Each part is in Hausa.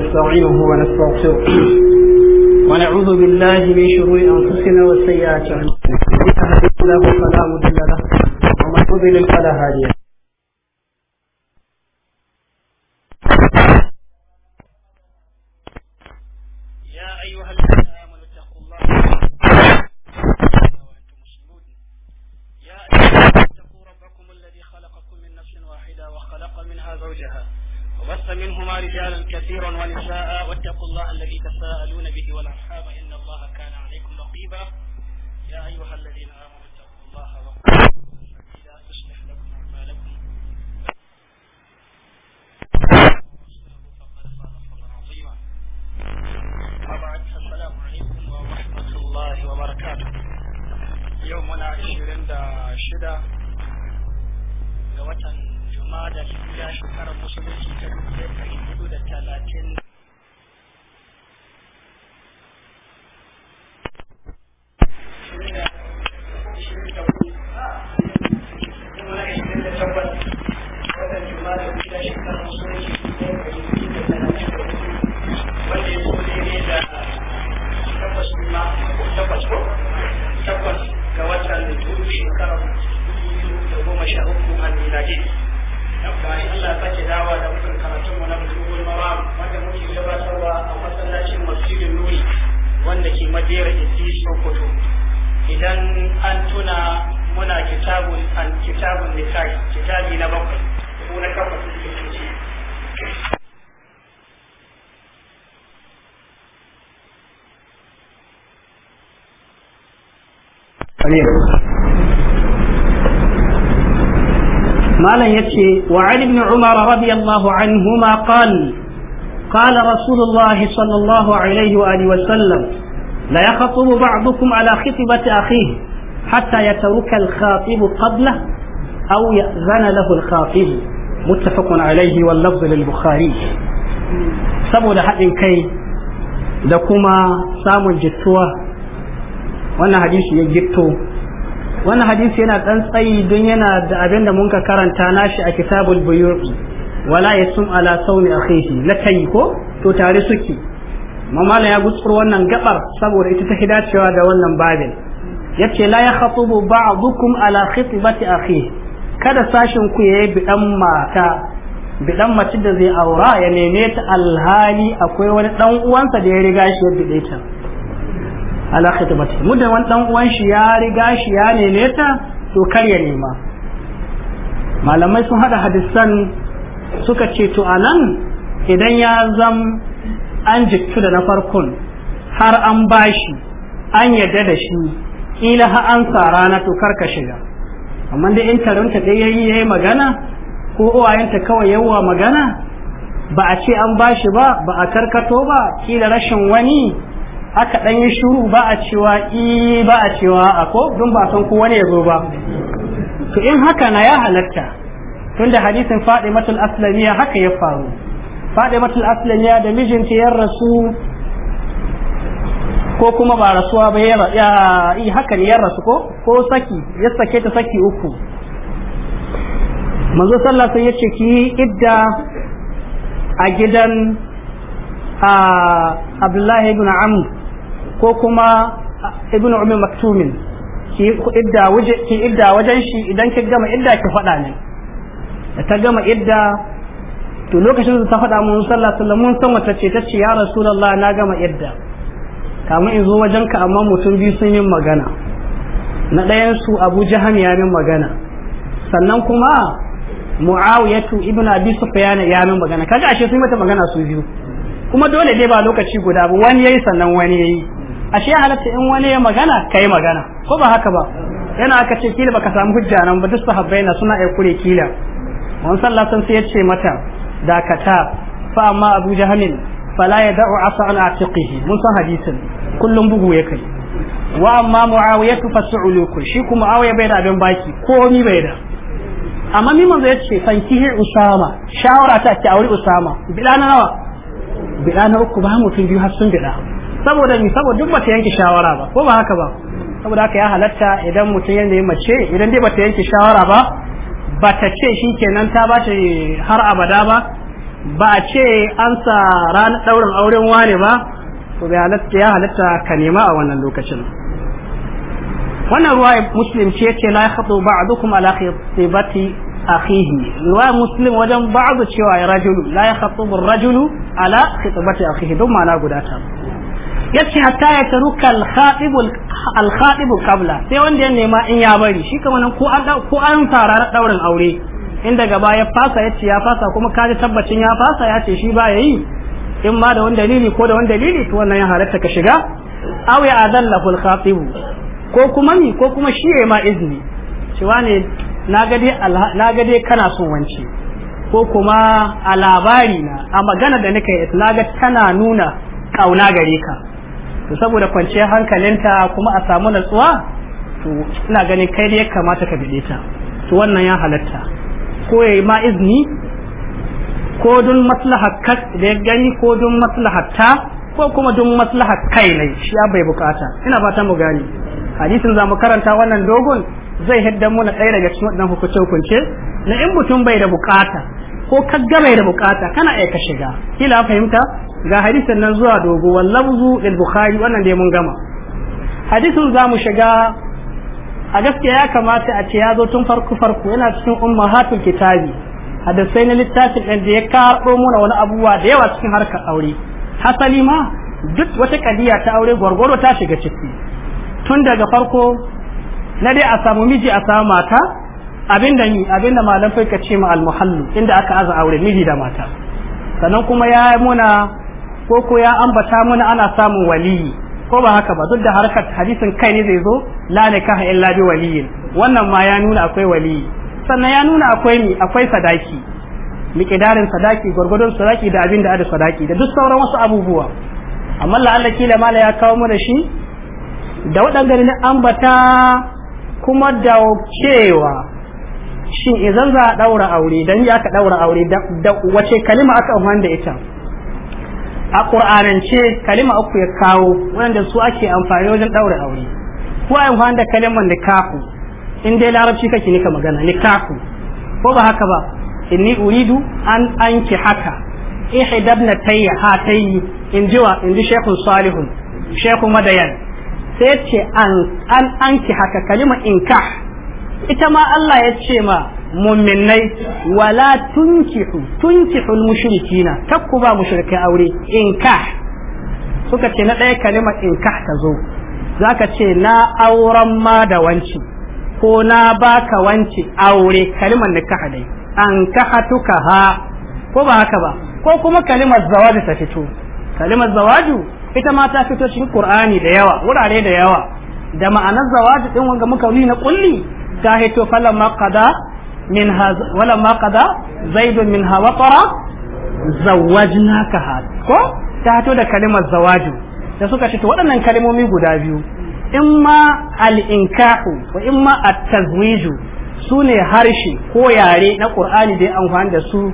نستعينه ونستغفره ونعوذ بالله من شرور أنفسنا وسيئات أعمالنا من يهده الله فلا مضل له ومن يضلل فلا هادي له وعن ابن عمر رضي الله عنهما قال قال رسول الله صلى الله عليه وآله وسلم لا يخطب بعضكم على خطبة أخيه حتى يترك الخاطب قبله أو يأذن له الخاطب متفق عليه واللفظ للبخاري saboda لحق كي لكما سام samun وانا حديث hadisi wannan hadisi yana dan tsayi don yana da abin da mun ka karanta nashi a kitabul buyu'i wala yasum ala sawmi akhihi lakai ko to tare suke mamala ya gutsuro wannan gabar saboda ita ta hidacewa da wannan babin yace la ya khatubu ba'dukum ala khitbati akhihi kada sashin ku yayi bidan mata bidan mace da zai aura ya neme ta alhali akwai wani dan uwansa da ya riga shi ya bide ta ala khitbati muda wani dan uwan shi ya riga shi ya neme ta to kar ya nema malamai sun hada hadisan suka ce to anan idan ya zam an jiktu da na farkon har an bashi an yadda da shi ƙila ha'ansa an tsara rana to kar ka shiga amma dai in taronta dai yayi yayi magana ko uwayenta kawai yawa magana ba a ce an bashi ba ba a karkato ba kila rashin wani aka dan yi shuru ba a cewa i ba a cewa ko don ba san ko ne ya zo ba to in haka na ya halatta tunda hadisin Fadimatul Aslamiya haka ya faru Fadimatul Aslamiya da mijinta ya rasu ko kuma ba rasuwa ba ya yi haka ne ya rasu ko ko saki ya sake ta saki uku manzo sallasa sun yace ki idda a gidan a Abdullahi ibn Amr ko kuma ah, Ibn ummi maktumin ki idda waje ki idda wajen shi idan ki gama idda ki faɗa ne da ta gama idda to lokacin da ta faɗa mun sallallahu alaihi wasallam mun san wata ce ta ce ya rasulullahi na gama idda kamun in zo wajen ka amma mutum biyu sun yi magana na ɗayan su Abu jahan ya min magana sannan kuma Muawiyatu ibn Abi Sufyan ya min magana kaga ashe sun mata magana su biyu kuma dole dai ba lokaci guda ba wani yayi sannan wani yayi ashe halatta in wani ya magana kai magana ko ba haka ba yana aka ce kila baka samu hujja nan ba duk sahabbai na suna ai kure kila mun sallah sun sai mata dakata fa amma abu jahalin fala yad'u asa an atiqihi mun san hadisin kullum bugu ya kai wa amma muawiyatu fasuluku shi kuma muawiya bai da abin baki komi bai da amma mi manzo san fankihi usama shawara ta ce aure usama bidana nawa bidana uku ba mutum biyu har sun saboda ni saboda duk bata yanke shawara ba ko ba haka ba saboda haka ya halatta idan mutum yana ya mace idan dai bata yanke shawara ba bata ce shikenan ta ta har abada ba ba a ce an sa ranar daurin auren wane ba to bai halatta ya halatta ka nema a wannan lokacin wannan ruwa muslim ce ce la yakhdu ba'dukum ala khitibati akhihi ruwa muslim wajen ba'du cewa rajulu la yakhdu rajulu ala khitibati akhihi don ma'ana guda ta yace hatta ya taruka al-khatib sai wanda ya nema in ya bari shi kama ko an ko an tarara daurin aure in daga baya fasa yace ya fasa kuma kaji tabbacin ya fasa yace shi ba yi in ma da wani dalili ko da wani dalili to wannan ya halatta ka shiga aw ya adallahu al-khatib ko kuma ni ko kuma shi ya ma izini cewa ne na ga dai kana so wance ko kuma a labari na a magana da nake na ga tana nuna kauna gare ka to saboda kwanciyar hankalinta kuma a samu natsuwa to ina ganin kai ne ya kamata ka bide ta to wannan ya halatta ko yayi ma izini ko don maslahar kai da ya gani ko don maslahar ta ko kuma don maslahar kai ne shi ya bai bukata ina fatan mu gani hadisin za mu karanta wannan dogon zai hidda muna tsaye daga cikin wannan hukunce na in mutum bai da bukata ko ka gama da bukata kana iya ka shiga kila fahimta ga hadisin nan zuwa dogo wallabzu lil bukhari wannan dai mun gama hadisin mu shiga a gaskiya ya kamata a ce ya zo tun farko farko yana cikin ummahatul kitabi hadisai na littafin ɗin da ya karɓo mana wani abubuwa da yawa cikin harkar aure hasali ma duk wata kadiya ta aure gwargwaro ta shiga ciki tun daga farko na dai a samu miji a samu mata abinda ni abinda malam fa ce ma almuhallu inda aka aza aure miji da mata sannan kuma ya muna ko ko ya ambata muna ana samun waliyi ko ba haka ba duk da harkar hadisin kai ne zai zo la ka illa bi waliyin wannan ma ya nuna akwai waliyi sannan ya nuna akwai ni akwai sadaki miƙidarin sadaki gwargwadon sadaki da abin da ada sadaki da duk sauran wasu abubuwa amma Allah kila mala ya kawo mana shi da waɗanda ne ambata kuma da cewa shin idan za a daura aure dan ya ka daura aure da wace kalima aka amfani da ita a qur'anance kalima uku ya kawo wanda su ake amfani wajen daura aure ko amfani da kalimar nikahu in dai larabci kake nika magana nikahu ko ba haka ba inni uridu an anki haka ihdabna tayya hatayi in jiwa in ji shekun salihun shekun madayan sai ce an anki haka kalima inkah ita ma Allah ya ce ma mumminai wala tunkihu tunkihu mushrikina takku ba mushrikai aure inkah suka ce na ɗaya kalimar inkah ta zo zaka ce na auren ma da wanci ko na baka wanci aure kalimar nikah dai an kahatuka ha ko ba haka ba ko kuma kalimar zawaju ta fito kalimar zawaju ita ma ta fito cikin qur'ani da yawa wurare da yawa da ma'anar zawaju din wanga muka na kulli Ta hito falamma qada min haz walamma qada zaid min ka ha ko ta to da kalimar zawaju da suka ce to waɗannan kalmomi guda biyu In ma al-inkahu wa ma at-tazwiju sune harshe ko yare na Qur'ani da amfani da su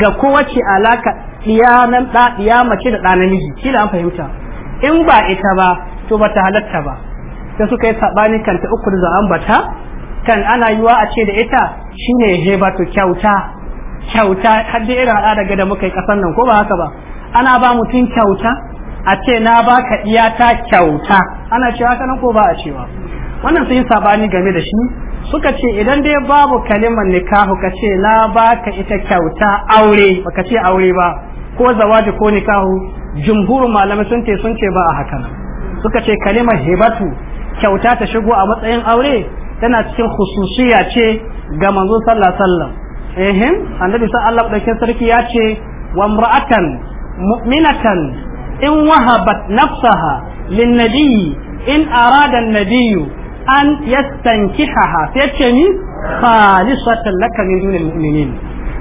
ga kowace alaka diyanan da iya mace da ɗan namiji kila an fahimta in ba ita ba to bata halatta ba sai suka yi sabani ta uku da ambata kan ana yiwa a ce da ita shine to kyauta kyauta har da irin al'ada da muka yi kasan nan ko ba haka ba ana ba mutum kyauta a ce na ba baka iyata kyauta ana cewa haka nan ko ba a cewa wannan sun yi sabani game da shi suka ce idan dai babu kalimar nikahu ka ce na ba ka ita kyauta aure baka ce aure ba ko zawaji ko nikahu jumhurin malamai sun ce sun ce ba a haka nan suka ce kalimar hebatu kyauta ta shigo a matsayin aure tana cikin khususiya ce ga manzo sallallahu alaihi wasallam annabi sallallahu alaihi wasallam sarki ya ce wa imra'atan mu'minatan in wahabat nafsaha lin in arada an-nabiy an yastankihaha sai ce ni khalisatan laka min dunil mu'minin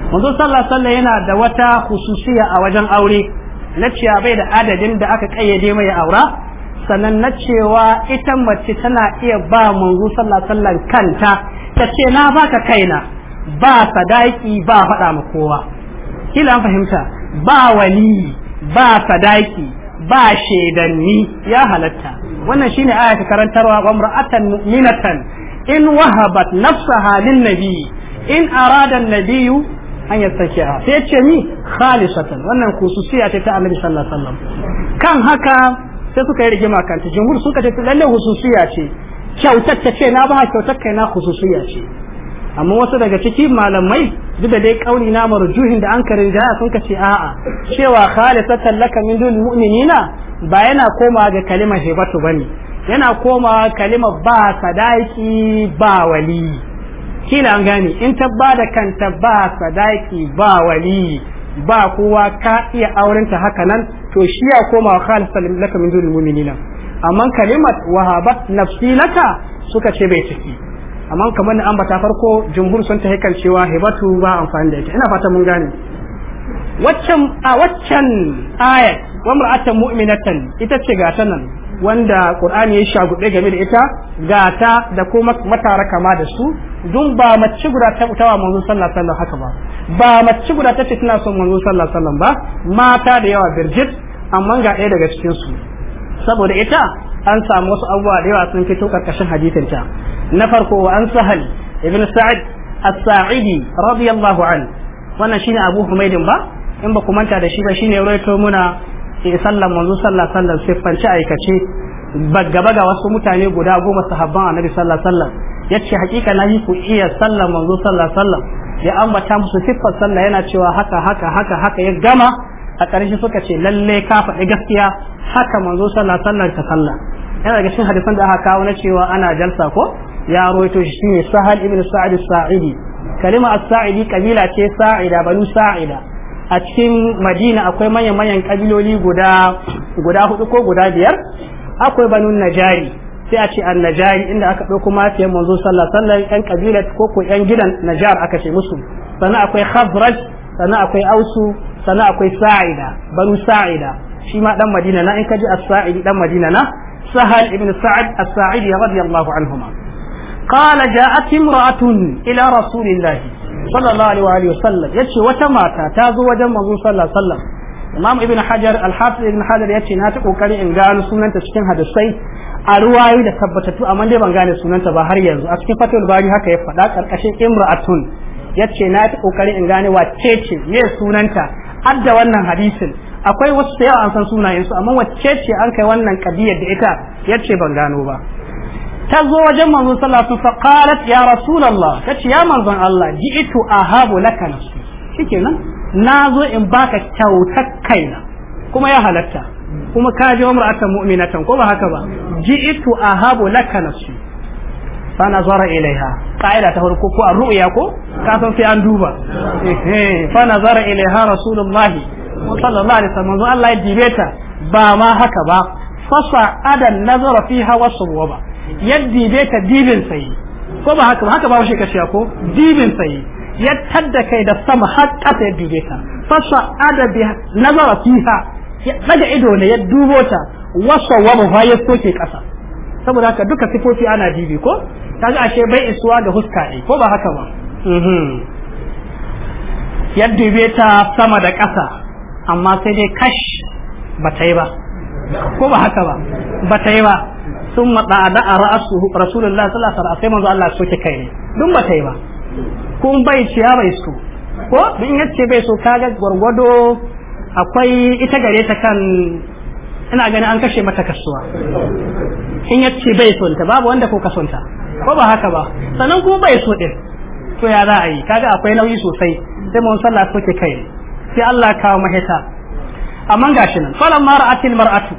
manzo sallallahu alaihi wasallam yana da wata khususiya a wajen aure na ciya bai da adadin da aka kayyade mai aura sannan na cewa ita mace tana iya ba manzo sallallahu sallan kanta ta ce na baka kaina ba sadaki ba faɗa ma kowa kila an fahimta ba wali ba sadaki ba shaidanni ya halatta wannan shine aya ta karantarwa wa mu'minatan in wahabat nafsaha lin nabi in arada an-nabiy an yastakiha sai ce mi khalisatan wannan kususiya ce ta annabi sallallahu alaihi wasallam kan haka sai suka yi rigima kanta jumhur suka tafi lalle hususiya ce kyautar ta ce na ba kyautar kai na hususiya ce amma wasu daga ciki malamai duk da dai kauni na marjuhin da an karin jaya sun kace a'a cewa khalisatan laka min dun mu'minina ba yana komawa ga kalimar hebatu bane yana komawa kalimar ba sadaki ba wali kila an gane in tabba da kanta ba sadaki ba wali ba kowa ka iya aurenta haka nan to shi ya koma khalifa laka min dunil mu'minina amma kalimat wahabat nafsi laka suka ce bai ciki amma kamar an bata farko jumhur sun ta haikal cewa hibatu ba amfani da ita ina fata mun gane waccan a waccan ayat wa mar'atan mu'minatan ita ce gata nan wanda qur'ani ya shagube game da ita gata da kuma matara kama da su dun ba mace guda ta utawa manzo sallallahu alaihi wasallam haka ba ba mace guda ta ce tana son manzo sallallahu alaihi wasallam ba mata da yawa birjit amma ga ɗaya daga cikin su saboda ita an samu wasu abubuwa da yawa sun fito karkashin hadisin ta na farko wa an sahal ibn sa'id as-sa'idi radiyallahu an wannan shine abu humaydin ba in ba ku manta da shi ba shine rawaito muna eh, sallan manzo sallallahu alaihi wasallam sai fanci aikace bagaba ga wasu mutane guda goma sahabban annabi sallallahu alaihi wasallam yace hakika na yi ku iya sallan manzo sallallahu alaihi wasallam ya ambata musu siffar sallah yana cewa haka haka haka haka ya gama a ƙarshe suka ce lalle ka faɗi gaskiya haka manzo sallah sallar ta sallah yana daga cikin hadisan da aka kawo na cewa ana jalsa ko ya roito shi shine sahal ibn sa'id sa'idi kalima as-sa'idi kabila ce sa'ida banu sa'ida a cikin madina akwai manyan manyan kabiloli guda guda hudu ko guda biyar akwai banu najari sai a ce annajari inda aka ɗauko mafiyan manzo sallah sannan yan kabilar ko ko yan gidan najar aka ce musu sannan akwai khazraj sannan akwai ausu sannan akwai sa'ida banu sa'ida shi ma dan madina na in ka ji as-sa'idi dan madina na sahal ibn sa'ad as-sa'idi radiyallahu anhuma qala ja'at imra'atun ila rasulillahi sallallahu alaihi wa alihi wasallam yace wata mata ta zo wajen manzo sallallahu alaihi wasallam imam ibn hajar al-hafiz ibn hajar yace na ta kokari in gano sunanta cikin hadisai a ruwayi da tabbatattu amma dai ban gane sunanta ba har yanzu a cikin fatul bari haka ya faɗa karkashin imra'atun yace na ta kokarin in gane wacce ce me sunanta adda wannan hadisin akwai wasu da yawa an san sunayen su amma wacce ce an kai wannan kadiyar da ita yace ban gano ba ta zo wajen manzon sallallahu fa qalat ya rasulullah tace ya manzon Allah ji'tu ahabu laka nafsi shikenan na zo in baka kyautar kaina kuma ya halatta kuma ka ji wa mar'atan mu'minatan ko ba haka ba ji'itu ahabu laka nafsi fa nazara ilaiha qaida ta farko ko a ru'ya ko ka san sai an duba fa nazara ilaiha rasulullahi sallallahu alaihi wasallam Allah ya dibeta ba ma haka ba fasa adan nazara fiha wasu ba yaddi bai ta dibin sai ko ba haka ba haka ba shi kashiya ko dibin sai ya tadda kai da sama har kasa ya dube ta fasa ada bi nazara fiha ya daga ido ne ya dubo ta wasa wa mu ya soke kasa saboda haka duka sifofi ana bibi ko kaga ashe bai isuwa ga huska ne ko ba haka ba mhm. ya dube ta sama da kasa amma sai dai kash ba ta yi ba ko ba haka ba ba ta yi ba sun matsa da a ra'asu rasulullah sallallahu alaihi wasallam sai Allah Allah soke kai ne dun ta yi ba kun bai ciya bai so ko in yace bai so kaga gwargwado akwai ita gare ta kan ina ganin an kashe mata kasuwa in ya ce bai son ta babu wanda ko ka son ta ko ba haka ba sannan kuma bai so din to ya za a yi kaga akwai nauyi sosai sai mun sallah soke kai sai Allah kawo maheta amma gashi nan falan mar'atil mar'atu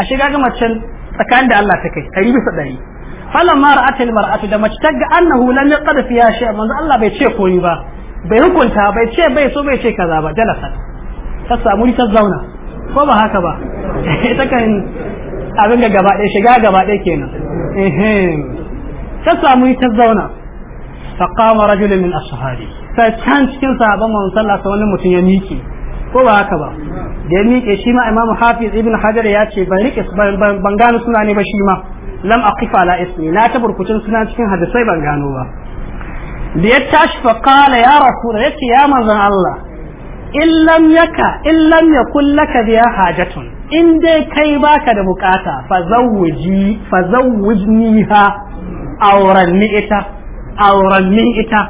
a shiga ga macen tsakanin da Allah ta kai ɗari bisa ɗari falan mar'atil mar'atu da mace ta ga annahu lam yaqdi fiya shay'a manzo Allah bai ce koyi ba bai hukunta bai ce bai so bai ce kaza ba jalasa ta samu ta zauna ko ba haka ba ita kan abin ga gaba ɗaya shiga gaba ɗaya kenan ta samu ta zauna fa qama rajulun min ashabi sai can cikin sahabban manzon sallallahu alaihi wasallam mutum ya miƙe ko ba haka ba da ya miƙe shi ma imamu hafiz ibn hajar ya ce ban rike ban gano suna ne ba shi ma lam aqifa ala ismi na ta burkucin suna cikin hadisai ban gano ba da ya tashi fa qala ya rasul ya ce ya manzon Allah illam yaka illam yakul laka biya hajatun in dai kai baka da bukata fa zawji fa zawjniha auranni ita auranni ita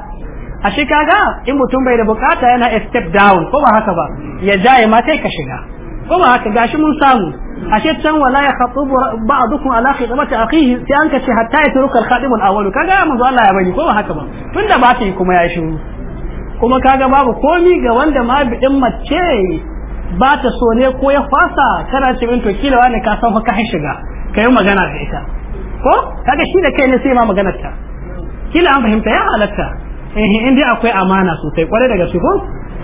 a shi kaga in mutum bai da bukata yana step down ko ba haka ba ya jaye ma sai ka shiga ko ba haka gashi mun samu ashe can wala ya khatubu ba'dukum ala khidmati akhihi sai an ce hatta yatruka al-khadim al-awwal kaga manzo Allah ya bani ko ba haka ba tunda ba ta yi kuma ya shiru kuma kaga babu komi ga wanda ma bidin mace ba ta so ne ko ya fasa kana ce min to kila wani ka san fa ka shiga kai magana da ita ko kaga shi da kai ne sai ma magana ta kila an fahimta ya halatta eh in dai akwai amana sosai kware daga su ko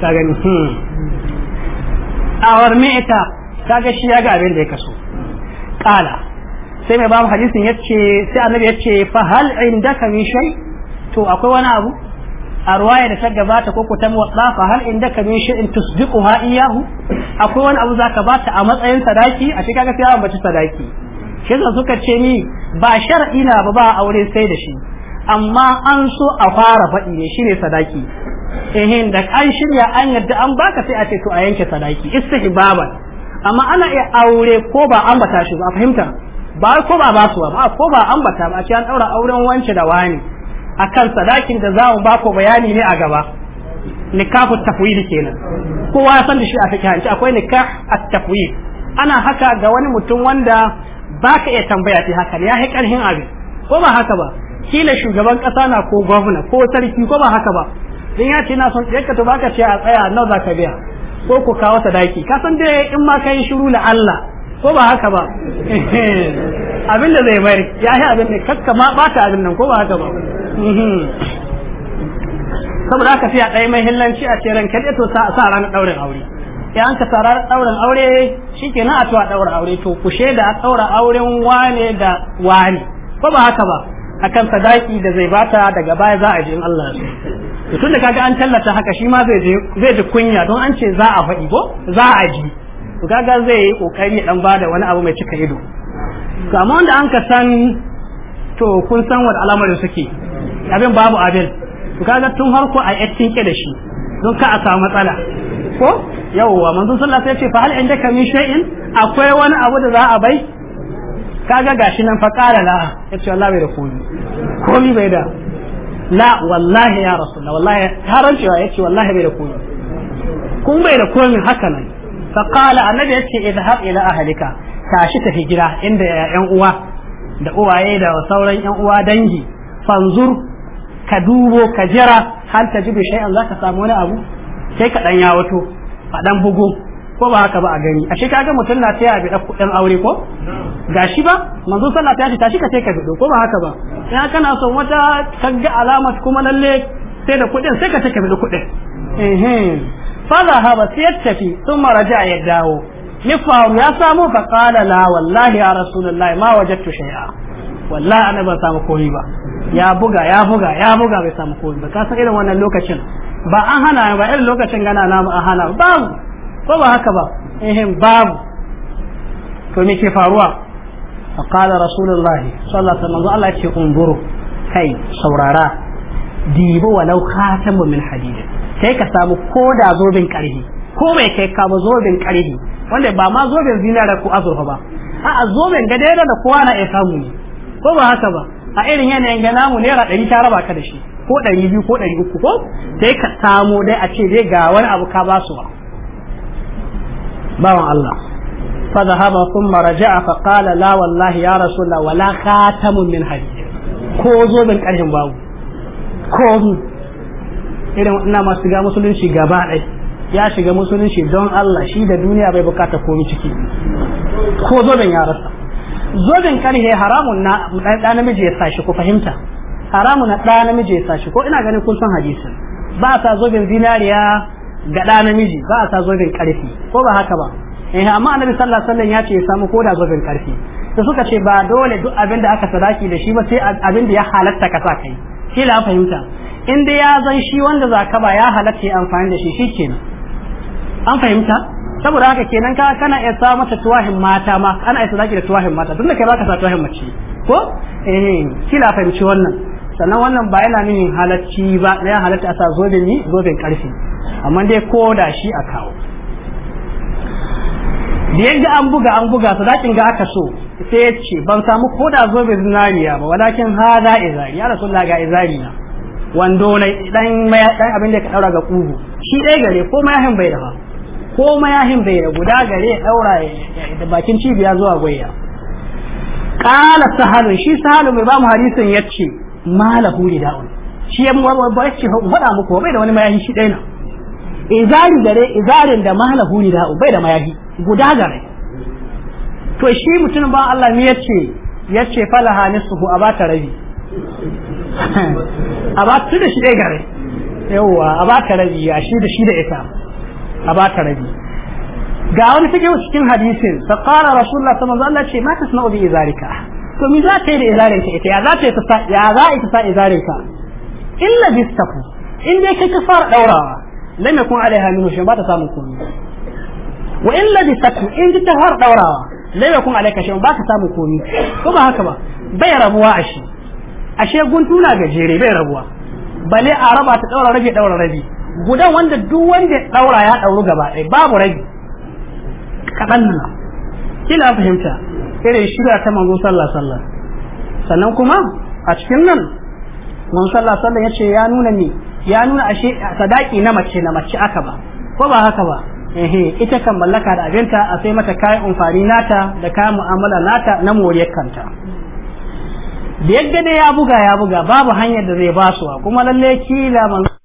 ka gani hmm awar me ita kaga shi ya ga abin da ya kaso kala sai mai babu hadisin yace sai annabi yace fa hal indaka min shay to akwai wani abu a ruwaya da ta gabata ko ta muwatsa fa hal inda ka min shi'in tusdiquha iyahu akwai wani abu zaka bata a matsayin sadaki a cikin ga sai an bace sadaki shi zan suka ce ni ba shar'i na ba ba aure sai da shi amma an so a fara faɗi ne shine sadaki eh da an shirya an yadda an baka sai a ce to a yanke sadaki istihbaba amma ana iya aure ko ba an bata shi ba fahimta ba ko ba su ba ko ba an bata ba a ce an daura auren wance da wani akan sadakin da za mu ba ku bayani ne a gaba nikahu tafwid kenan kowa ya san da shi a hanci akwai nikah at-tafwid ana haka ga wani mutum wanda baka iya tambaya ta haka ya yi karhin abin ko ba haka ba kila shugaban kasa na ko gwamna ko sarki ko ba haka ba dan ya ce na son kata to baka ce a tsaya nawa ka biya ko ku kawo sadaki ka san dai in ma kai shiru la Allah ko ba haka ba abin da zai bari ya yi abin da kakka ma bata abin nan ko ba haka ba saboda haka fiya ɗaya mai hillanci a ceren ranka to sa ranar ɗaurin aure ya an ka sa ranar ɗaurin aure shi ke a tuwa ɗaurin aure to kushe da a ɗaura auren wane da wane ko ba haka ba akan sadaki da zai bata daga baya za a je in Allah ya tun da kaga an tallata haka shi ma zai ji kunya don an ce za a faɗi ko za a ji to kaga zai yi kokarin ya dan bada wani abu mai cika ido to amma wanda an ka san to kun san wani da suke abin babu abin to kaga tun harko a yattin ke da shi don ka a samu matsala ko yawwa manzon sallallahu alaihi wasallam ya ce fa hal indaka min shay'in akwai wani abu da za a bai kaga gashi nan fa qala la yace wallahi bai da komai komai bai da la wallahi ya rasulullah wallahi ya ce wallahi bai da komai kun bai da komai haka nan فقال النبي يتي اذهب الى اهلك tashi tafi gida inda yan uwa da uwaye da sauran yan uwa dangi fanzur ka dubo ka jira hal ta jibi shay'an zaka samu wani abu sai ka dan yawato a dan bugu ko ba haka ba a gani ashe kaga mutum na taya bi dan aure ko gashi ba manzo sallah ta tashi ka sai ka bido ko ba haka ba ina kana son wata kaga alamat kuma lalle sai da kudin sai ka take bido kudin eh فذهب سيتفي ثم dawo ni نفهم ya samu فقال لا والله يا رسول الله ma وجدت شيئا wallahi انا ban samu komai ba ya buga ya buga ya buga bai samu komai ba ka san irin wannan lokacin ba an hana ba irin lokacin gana namu an hana babu ko ba haka ba eh babu to me ke faruwa fa kala rasulullahi sallallahu alaihi wasallam Allah ya ce unzuru kai saurara dibo walau khatamu min hadidin sai ka samu ko da zobin karhi ko bai kai ka ba zobin karhi wanda ba ma zobin zinara ko azurfa ba a'a zobin ga daidai da kowa na iya samu ne ko ba haka ba a irin yanayin ga namu naira ɗari ta raba ka da shi ko ɗari biyu ko ɗari uku ko sai ka samo dai a ce dai ga wani abu ka ba su ba bawan Allah fa sun thumma raja'a fa qala la wallahi ya rasulullah wala khatamun min hadid ko zo bin ƙarhin babu ko irin ina masu shiga musulunci gaba ɗai ya shiga musulunci don Allah shi da duniya bai bukata komi ciki ko zoben ya rasa zoben karhe haramun na ɗan namiji ya sashi ku fahimta haramun na ɗan namiji ya sashi ko ina ganin kun san hadisin ba a sa zoben zinariya ga ɗan namiji ba a sa zoben karfi ko ba haka ba eh amma annabi sallallahu alaihi ya ce ya samu koda zoben karfi da suka ce ba dole duk abin da aka sadaki da shi ba sai abin da ya halatta ka sa kai shi la fahimta in dai ya zan shi wanda za ka ba ya halatta ya amfani da shi shi kenan an fahimta saboda haka kenan ka kana iya sa mata tuwahin mata ma ana iya zaki da tuwahin mata tunda kai baka sa tuwahin mace ko eh kila fahimci wannan sannan wannan ba yana nufin halacci ba ya halatta a sa zoben ni zoben karfi amma dai ko da shi a kawo da yadda an buga an buga su sadakin ga aka so sai ya ce ban samu ko da zobe zinariya ba walakin ha za izari ya rasu laga izari na wando na dan dan abin da ka daura ga kugu shi dai gare ko mayahin bai da ko mayahin bai da guda gare ya daura da bakin cibiya zuwa gwayya qala sahalun shi sahalun mai ba mu hadisin yace malahu rida'un shi ya ba shi fada muku bai da wani mayahi shi dai na izari gare izarin da malahu rida'un bai da mayahi guda gare to shi mutum ba Allah ne yace yace falaha nisfu abata rabi a ba su da shi ɗaya gare yawwa a ba ka rabi a shi da shi da ita a ba ka rabi ga wani fikihu cikin hadisin ta qala rasulullah sallallahu alaihi wasallam ce ma tasna'u bi zalika to me za ta yi da izarin ka ita ya za ta yi ta ya za ta sa izarin ta? illa bistafu in dai kai ka fara daurawa lam yakun alaiha min shay ba ta samu komai wa illa bistafu in ta fara daurawa lam yakun alaiha shay ba ta samu komai ko ba haka ba bai rabuwa a shi ashe guntu na gajere bai rabuwa bale a raba ta daura rabi daura rabi gudan wanda duk wanda ya daura ya dauru gaba ɗaya babu rabi kaɗan nan kila fahimta irin shiga ta manzo sallah sallah sannan kuma a cikin nan manzo sallah sallah ya ce ya nuna ni ya nuna ashe sadaki na mace na mace aka ba ko ba haka ba ehe ita kan mallaka da abinta a sai mata kayan amfani nata da kayan mu'amala nata na moriyar kanta da yadda ya buga ya buga babu hanyar da zai basuwa kuma lalle kila man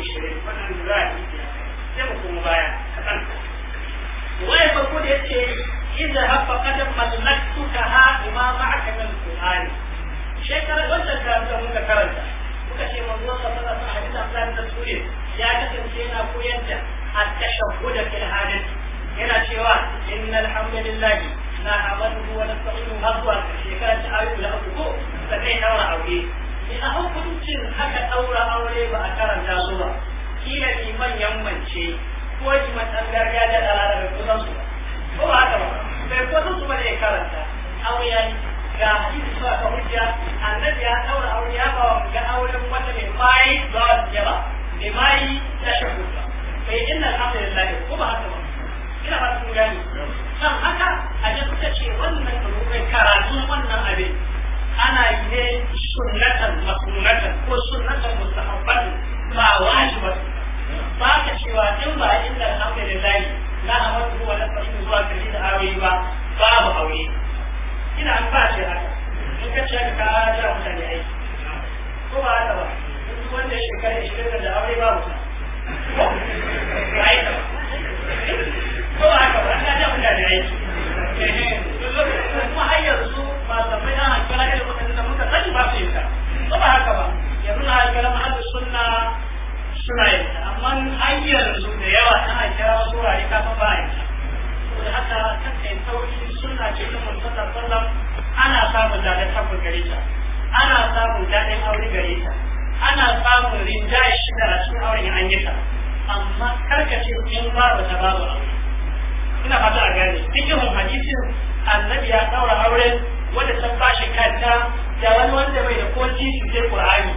ishirin waɗanda za a yi sai mu kuma baya kaɗan waya farko da ha min qur'ani shekara wannan karanta muka karanta muka ce manzo sallallahu alaihi wasallam hadisi da sure ya kasance yana koyar da at-tashahhud fil hadith yana cewa innal hamdalillahi na amanu wa nasta'inuhu har shekara ta ayu da uku sannan ya aure a hukuncin aka ɗaura aure ba a karanta su ba kila manyan yammance ko liman ɗan gargajiya da lara bai kusan su ba. ko ba haka ba bai kusan su ba ne karanta aure ya yi ga hadisi su aka hujja annabi ya ɗaura aure ya ba ga auren wata mai mayi ba ya ba mai mayi ta shafu ba bai inna alhamdulillah ko ba haka ba ina ba su gani san haka a jinsu ta ce wannan rubai karatu wannan abin ana yi ne sunnatan makunatan ko sunnatan mustahabbatu ba wajibat ba ka cewa in ba da alhamdulillah na amadu wa nasaru zuwa kashi da aure ba babu aure ina an ba ce haka in ka ce ka ta mutane aiki ko ba haka ba duk wanda shekara 20 da aure ba ta ba ai ko ba ina da da ne aiki eh yi ko ba haka ba suna yi amma har yanzu da yawa ka ba a ce sallam ana samun gare ta ana samun daɗin aure gare ta ana samun rinjaye shida a cikin auren an ta amma karkace in babu ta babu aure ina fata a gane cikin hadisin annabi ya daura aure wanda ta bashi kanta da wani wanda bai da ko titi sai qur'ani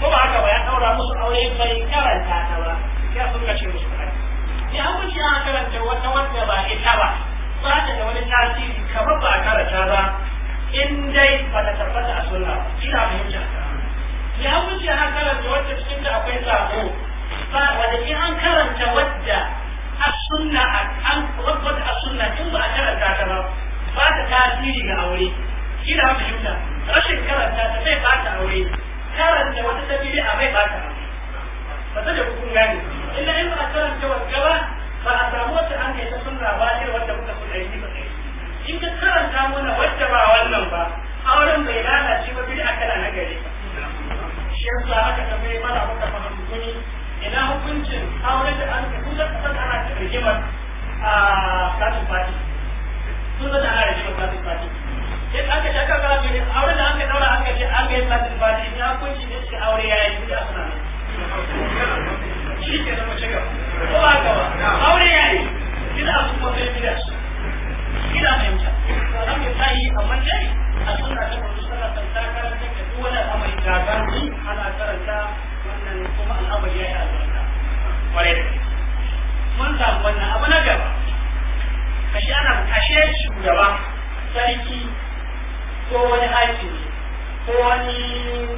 ko ba haka ba ya daura musu aure bai karanta ta ba ya sun kace musu karanta ya hukunci an karanta wata wanda ba ita ba ba ta da wani tasiri kamar ba a karanta ba in dai ba ta tabbata a sunna ina fahimta ya hukunci an karanta wanda cikin da akwai sako ba wanda in an karanta wadda as-sunna an wata sunna tun ba a karanta ta ba ba ta tasiri ga aure kina fahimta rashin karanta ta bai ba ta aure karanta wata tabi'a a bai ba ta aure ba ta da hukun gani illa in ba a karanta wata ba ba a samu wata an ta sunna ba ne wanda kuka yi in ka karanta mana wacce ba wannan ba auren bai lalace ba a kana na gare shi haka ta ina hukuncin aure da an ka kusa kasar ana rigimar a katin fati sun zata ana rigimar katin fati in aka ce aka kara mai aure da an ka daura an ka ce an ga yin katin fati ina hukuncin da shi aure ya yi da suna nan shi ke zama shiga ko ba gaba. aure ya yi gida a kuma sai gida gida mai wuta an ka ta yi amma dai a suna ta mutu sana ta karanta da duk wani al'amari gagarin ana karanta wannan kuma al'amari ya yi albarka kwarai da mun samu wannan abu na gaba kashi ana kashe shugaba sarki ko wani hakimi ko wani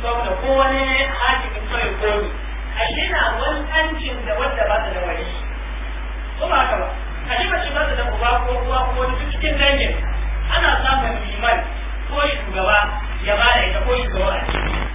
gwamna ko wani hakimin kawai komi kashe na wancancin da wanda ba ta da wani Kuma ba haka ba kashe mace ba ta da uba ko uwa ko wani cikin dangin ana samun liman ko shugaba ya bada ita ko shugaba a ciki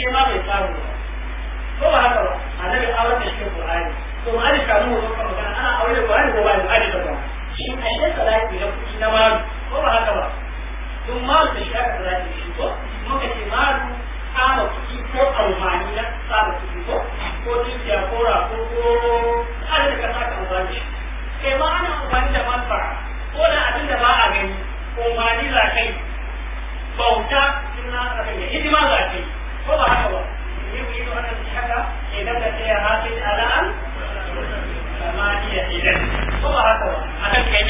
shi ma bai samu ba ko ba haka ba annabi auren da shi Qur'ani to ma da kamun wasu kan magana ana aure da Qur'ani ko ba da Qur'ani ba shi ai da salati da kuɗi na malu ko ba haka ba dun ma da shi aka salati da shi ko ka ce ma kama kuɗi ko amfani na tsara kuɗi ko ko dukiya ko rako ko har da ka saka amfani kai ma ana amfani da manfa'a ko da abin da ba a gani ko ma ni za kai bauta suna hidima za kai ko ba haka ba ni ku yi to haka idan ka ce ba haka ba akan kai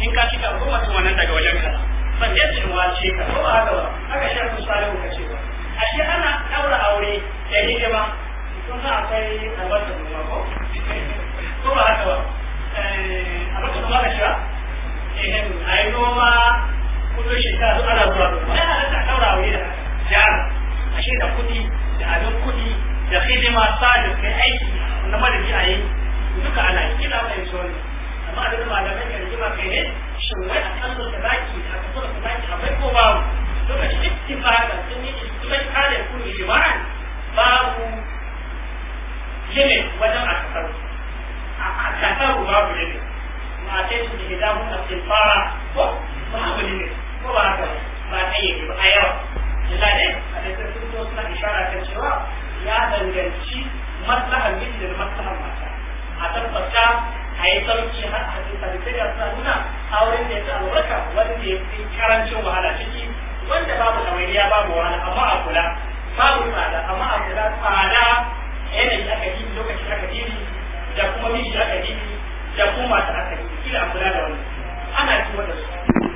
in ka wannan daga wajen cin wace ka haka ba shi ce ba ana ɗaura aure da hidima kun san akwai albarka kuma ko ko ba haka ba eh albarka kuma ka shira eh ai noma kullum shekara ana zuwa ba ai ana ta aure da haka a shi da kuɗi da abin kuɗi da hidima da kai aiki na madadi a yi duka ana yi kila so ne amma abin da ka rigima kai ne shin wai a kan da zaki a kan da zaki a bai ko babu ba ka sun yi ittifaqan kare ku ba mu yene wajen a kasar a kasar mu yene ma sai su da hidahun a fara ko ba mu yene ko ba haka ba ta yi ba a yawa misali a cikin fito suna ishara kan cewa ya danganci maslahar miji da maslahar mata a tabbata a yi sauki har a cikin sabbin da suna nuna auren da ya ta albarka wanda ya fi karancin wahala ciki wanda babu ɗawainiya babu wahala amma a kula babu tsada amma a kula tsada yanayi aka yi lokaci aka yi da kuma miji aka yi da kuma mata aka yi kila a kula da wani ana cikin wanda su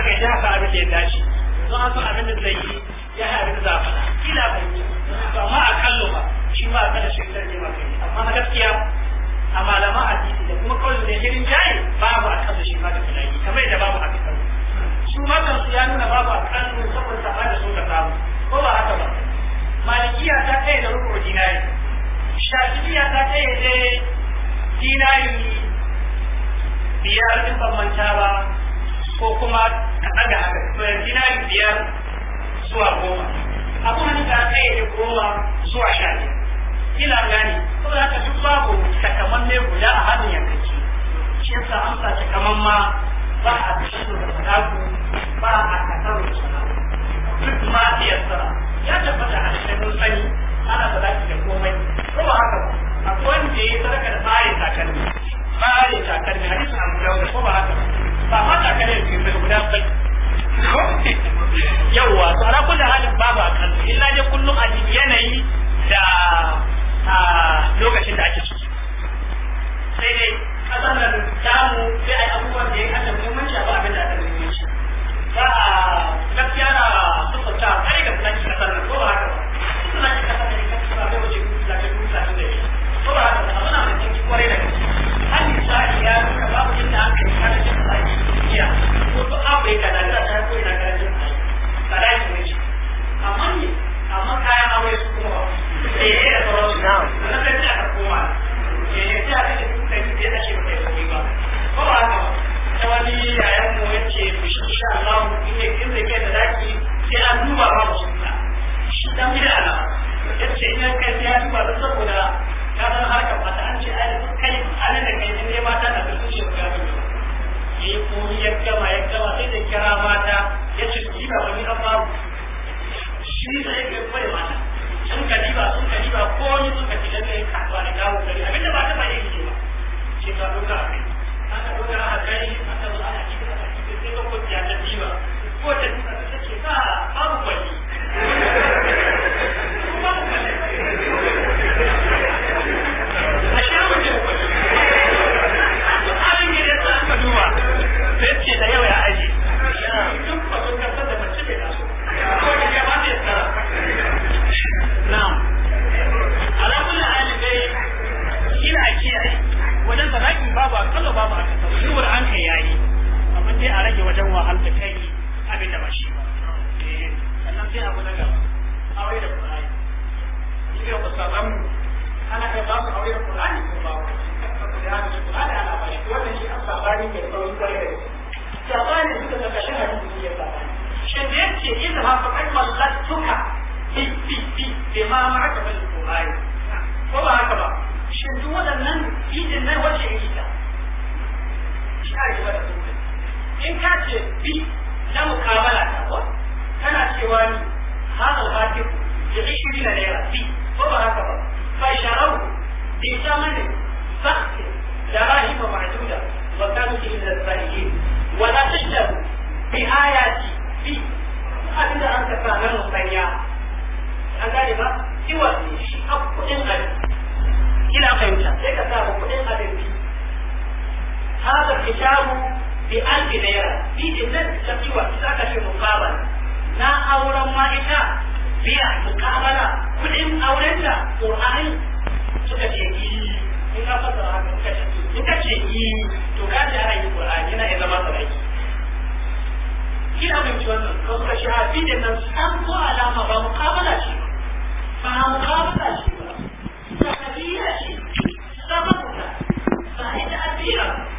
haka ya haka abin da ya tashi don san abin da zai yi ya haɗa abin da za a faɗa kila ba yi to amma a kallo ba shi ma a kada shi da ne ma yi amma na gaskiya a malama a titi da kuma kawai da jirin jaye babu a kan da shi ma da yi kamar yadda babu a kan su ma kan su ya nuna babu a kan su saboda saba da su ka samu ko ba haka ba malikiya ta kai da rukun dinari shafiya ta kai da dinari biyar din ban manta ba ko kuma ka ɗaga haka to dinari biyar zuwa goma abu hannu ta tsaye da goma zuwa sha biyar ina gani ko da haka duk babu sakamamme guda a hannun yankaci shi yasa an sa ma ba a tashi da fadaku ba a kasar da sadaku duk ma tsara ya tabbata a cikin sani ana sadaki da komai ko ba haka ba akwai wanda ya yi sadaka da tsarin takalmi ba a yi takalmi hadisi an guda ko ba haka ba ma takalmi ne mai guda bai yawwa to ala kullu halin babu akan illa dai kullum a yanayi da lokacin da ake ciki sai dai kasar nan tamu sai a abubuwan da ya kasa muhimmanci a ba abin da aka muhimmanci ba a gaskiya na sufuta kare da fulani kasar nan ko ba haka ba fulani kasar nan kan ba bai wuce kuma fulani kuma fulani da ya ko ba haka ba suna mai kinki kwarai da gaske misali ya nuna babu inda an kai karancin tsaki duniya ko duk afirka da ta ta ko ina karancin tsaki ba da shi ne amma ne amma kayan kuma ba sai ya da sauran su na wannan kan ta koma ya ya ta da duk da ke ba ba ko ba haka ta wani yayan mu yace insha Allah ne kin da ke da daki ba shi shi dan na yace in kan ka san harkar mata an ce kai an da kai ne ta da su ga mu yi ya gama ya gama sai da kira mata ya ce ba wani shi da yake mata sun ka diba sun ka ko ni ci da kai da dawo gari abin da ba ta bayyana shi ba shi ka duka kai ka duka a kai zo ana sai ko ta diba ko ta diba ta ce ka babu wani da yau ya aje da da ya kiyaye wajen babu a kallo a kasa shubur an kai a wajen wahal da kai ba shi ba eh, aure da ana kai aure ko ba ba shi sabani suka ga kashin hadisi ya ba shin da yake idan ha fa mallatuka bi bi bi bi ma ma'aka ko qur'ani ko ba haka ba shin duk waɗannan idin nan ya yi ta shi yi ji wata dole in ka ce bi na mukamala ta wa kana cewa ni hadal hakim ya ishi ni na naira bi ko ba haka ba fa sharau bi samanin sakti da rahima ma'duda wa kanu fi min al-sahihin wala tashtaru bi ayati bi abinda an ka sa nan musanya an gane ba kiwa ne shi a kudin abin kina fahimta sai ka samu kudin abin bi hada kitabu bi alfi naira bi din nan ta kiwa sai ka shi mukabala na auren ma biya mukabala kudin aurenta qur'ani suka ce in ka da haka ka in ka ce eh, to ka ce ana yi qur'ani yana ya zama kina wannan ko a fi nan san ko alama ba muqabala ce ba muqabala ce ba ta hadiya ce sababu ta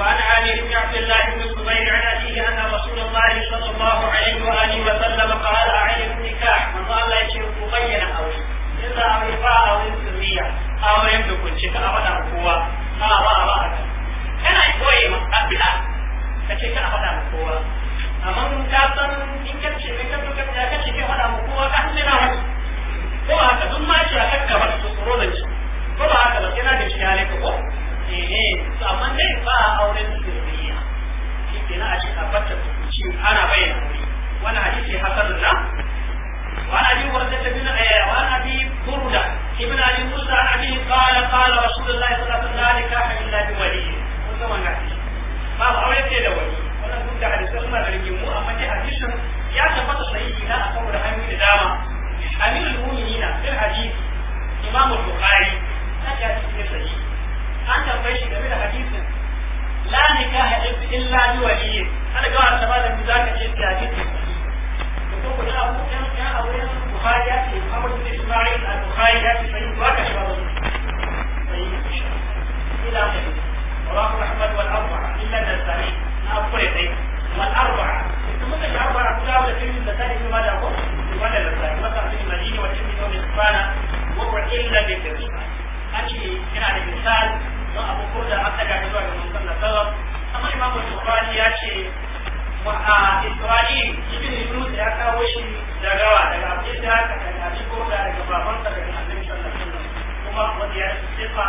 وعن عامر بن عبد الله بن الزبير عن أبيه أن رسول الله صلى الله عليه وآله وسلم قال أعلم النكاح من قال لا يشير مبينا أو إلا أو إفاء أو سرية أو يملك الشيء أو أنا القوة ما أرى أراك أنا أقوي أبلا فكيف أنا أنا القوة أما كاسن إن كان شيء كان كان كان شيء كان أنا القوة كان لنا هذا هو هذا ثم أشياء كذا بس تقولون ko ba haka ba sai na da shi ya ne ko menene to amma dai ba auren sirriya shi kenan a cikin abbata ce ana bayyana aure wani hadisi hasanun na وعن ابي هريره بن وعن ابي برده ابن ابي موسى عن ابي قال قال رسول الله صلى الله عليه وسلم لا نكاح الا بولي وكما نحكي babu aure ce da wani wannan duk da hadisan suna da rigimu amma dai hadisin ya tabbata sahihi na akan da hanyoyi da dama amirul mu'minina fil hadisi imamu bukhari ta ya ce sahihi an tambaye shi game da hadisin la nikaha illa bi waliy ana ga wannan malam da zaka ce ta hadisi to ko kuma abu kan kan aure Bukhari ya ce Muhammad bin Isma'il al-Bukhari ya ce sai ba ka shawo sai ila akhir rawahu Ahmad wal Arba'a illa an-Nasa'i na abu sai wal Arba'a kuma da Arba'a kuma da cikin da sai kuma da ko wanda da sai maka cikin Madina wa cikin Ibn Hibban wa illa bi Tirmidhi imam al-bukhari ya ce wa a isra'il ibn yunus ya kawo shi da gawa daga abin da aka daga abin da daga babansa daga annabi sallallahu alaihi wasallam kuma wanda ya sifa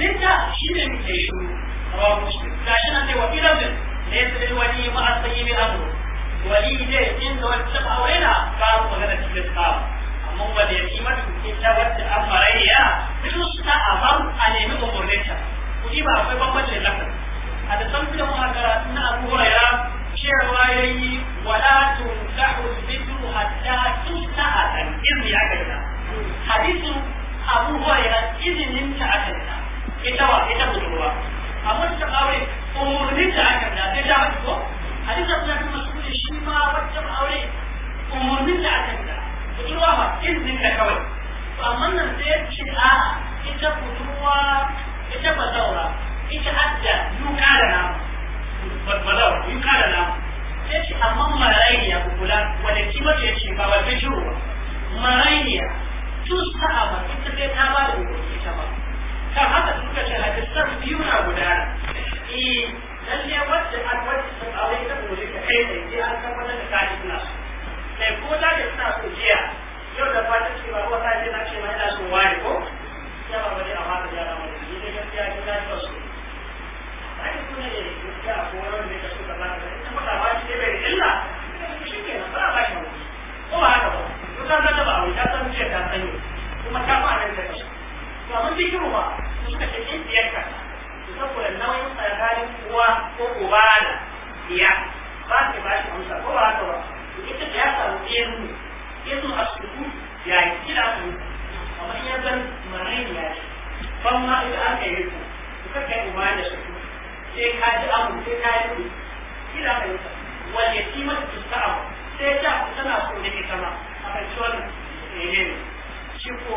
abinda shi ne muke shi rawa muslim gashi nan dai wa ilabin laysa lil wali ma asayyib al-amr wali ne in da wata ta aurena ba mu magana cikin ka amma ba da yaki mata kuke tabbata amarayya su ta amam a nemi umurninta kuɗi ba akwai bambancin lafiya a da san da muka karatu na Abu Hurairah cewa yayi wala tun tunkahu bidru hatta tusta'a kan izni aka yi hadisin Abu Hurairah izinin ta aka yi ita ita budurwa Amma wancan aure umarnin da aka da sai da mutuwa hadisa suna da masuli shi ma wancan aure umarnin da aka da budurwa ba izinin kawai to amma nan sai ya ce a ita budurwa ita ba zaura ita adda yuka da na. ba zaura yuka da namu sai ce amma marayya kula wanda kima ce ce ba ba ta shiru tun sa'a ba ita sai ta ba da ita ba kan haka suka ce san biyu na guda. gudana eh lalle wadda a wadda sun aure ta gobe ta kai ne sai an tabbatar da kai suna so sai ko da da suna so jiya yau da fatan cewa ko ta ce na ce mai da so wani ko ya ba bane amma da yara mai ni ne gaskiya ki Ta so so ai ku ne gaskiya ko wani ne ka so ka ba ta ita ba ba shi bai illa shi ke nan ba ba shi ko ba haka ba ko ta ta ba ta san jiya ta sanyo kuma ta ba nan ta shi kamar zikiru ba su suka ce in ka su saboda nauyin tsakanin kuwa ko uba da biya ba su ba shi amsa ko ba haka ba to ita da ya samu ɗayan mu ɗayan mu a ya yi kila su amma in ya zan marayin ya ce ban ma ita aka yi ku su ka kai uba da su sai ka ji abu sai ka yi ku kila ka yi ta wal yatima tusta'abu sai ta tana so ne ita ma a kan ciwon ne ne shi ko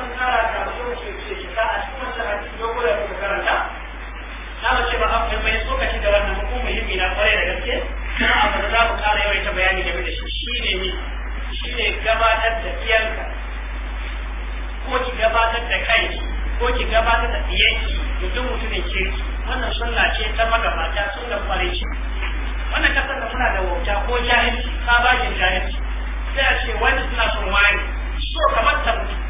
shekara ta wasu wuce wuce shiga a cikin wasu hadisi dogo da kuma karanta na ce ba a abu mai tsokaci da wannan hukun muhimmi na kwarai da gaske kuma abu da za mu kara ta bayani game da shi shi ne ni shi ne gabatar da iyalka ko ki gabatar da kai ko ki gabatar da iyanki da duk mutumin kirki wannan sunna ce ta magabata sunna kwarai ce wannan kasar da muna da wauta ko jahilci sabajin jahilci sai a ce wani suna son wani so kamar ta mutu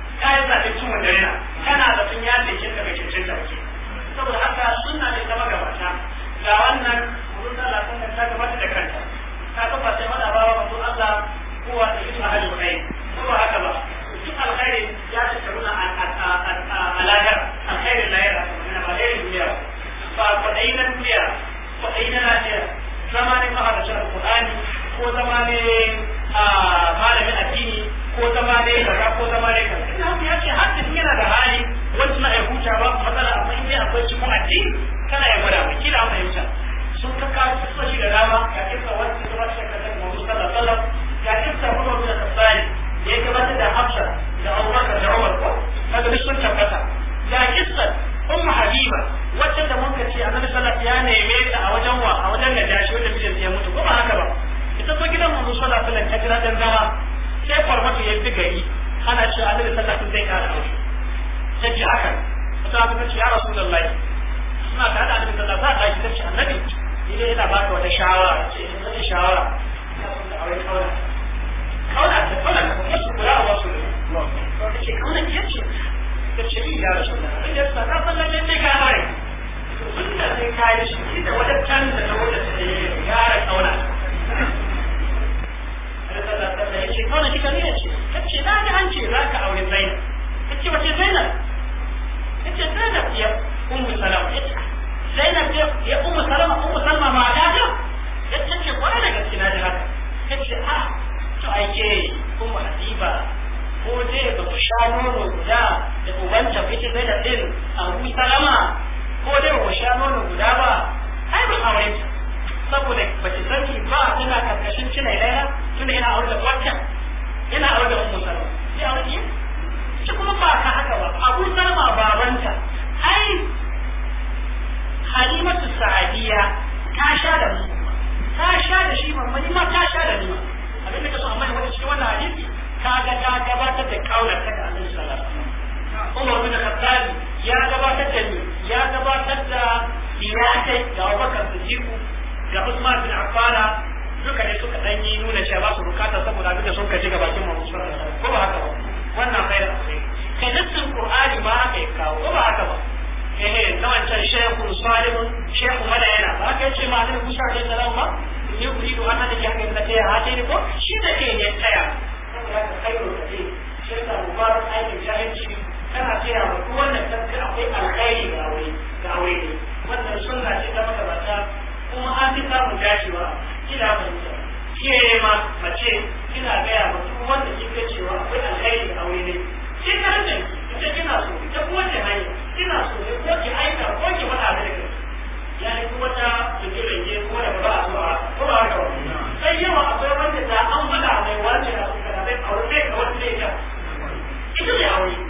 Ka yi zaɓen cin wanda yana kana da sun ya da kin daga cincin da ke saboda haka suna da zama gabata ga wannan wurin Allah sun ta gabata da kanta ta san sai mana ba ba mutum Allah kowa da ita hali kai ko ba haka ba duk alkhairi ya ta karuna alakar alkhairin Na ba alkhairin duniya ba kwaɗayi na duniya kwaɗayi na lafiya zama ne mahaddacin alqur'ani ko zama ne malamin addini ko zama ne kaza ko zama ne kaza ina haka ya ce haddin yana da hali Wani suna ya huta ba matsala amma in dai akwai cikin addini kana ya gwada mu kila fahimta sun ka kawo kusoshi da dama ga kisa wani su zama shi kasar mawuzu sallallahu alaihi ga kisa kuma wani da tsari da ya gabatar da hafsa da abubakar da umar ko kaga duk sun tabbata ga kisa umma habiba shi annabi sallallahu ya neme ta a wajen wa a wajen najashi wanda mijin ya mutu ko ba haka ba ita zo gidan manzo sallallahu alaihi wasallam ta jira dan zama sai farmata ya bi gari ana cewa annabi sallallahu alaihi zai kara aure ta ji haka ta ta ce ya rasulullahi suna ta da annabi sallallahu alaihi wasallam ta ce annabi idan yana baka wata shawara ce in zai shawara ina son da aure kaula kaula ta kaula ta kuma su kula a wasu ne kaula ce kaula ce ta ce ni ya rasulullahi abin da ya sa na sallallahu alaihi wasallam tun da sai ka yi shi da wata can da ta wata ta yi gara kauna Allah ta ya ce kauna kika ne ce kace na ga an ce zaka aure Zainab kace wace Zainab kace Zainab ya ummu salama Zainab ya ummu salama ummu salama ma da ta yace ce kwarai da gaske na ji haka kace a to ai ke ummu Habiba ko dai ba ku sha nono guda da ta fice Zainab din Abu Salama ko dai ba sha nono guda ba ai ba auren ta saboda ba ki sani ba tana karkashin cinai laila tunda yana aure da wancan yana aure da ummu salama sai aure ki shi kuma ba ka haka ba abu salama babanta ai halimatu sa'adiya ta sha da mu ta sha da shi mamma ma ta sha da ni abin da ka so amma ya wata cikin wannan hadisi kaga ta gabatar da kaular ta ga annabi sallallahu alaihi wasallam Umar bin Khattab ya gabatar da ni ya gabatar da siyasai ga Abubakar Siddiq ga Usman bin Affan duka ne suka dan yi nuna cewa ba su bukata saboda abin da sun kaji ga bakin mu ko ba haka ba wannan kai sai kai nassin Qur'ani ba haka kawo ko ba haka ba eh na wancan shehu salimun shehu yana ba haka ce ma annabi Musa alaihi salam ba ni uridu an da yake da ta hace ne ko shi da ke ne tsaya saboda kai ne sai sai da mubarak aikin jahilci kana tsaya wa duk wanda kanka akwai alkhairi ga aure ga aure ne wannan sunna ce ta magabata kuma an fi samun dacewa kina fahimta kiyaye ma mace kina gaya ma duk wanda kika cewa akwai alkhairi ga aure ne sai ta hanyar ita kina so ita kuma ta hanya kina so ne ko ki aika ko ki faɗa da kai ya ne kuma ta rike-rike kuma da ba a zuwa ko ba haka ba sai yawa akwai wanda da an faɗa mai wanda na suka da bai aure bai ka wanda zai ta ita zai aure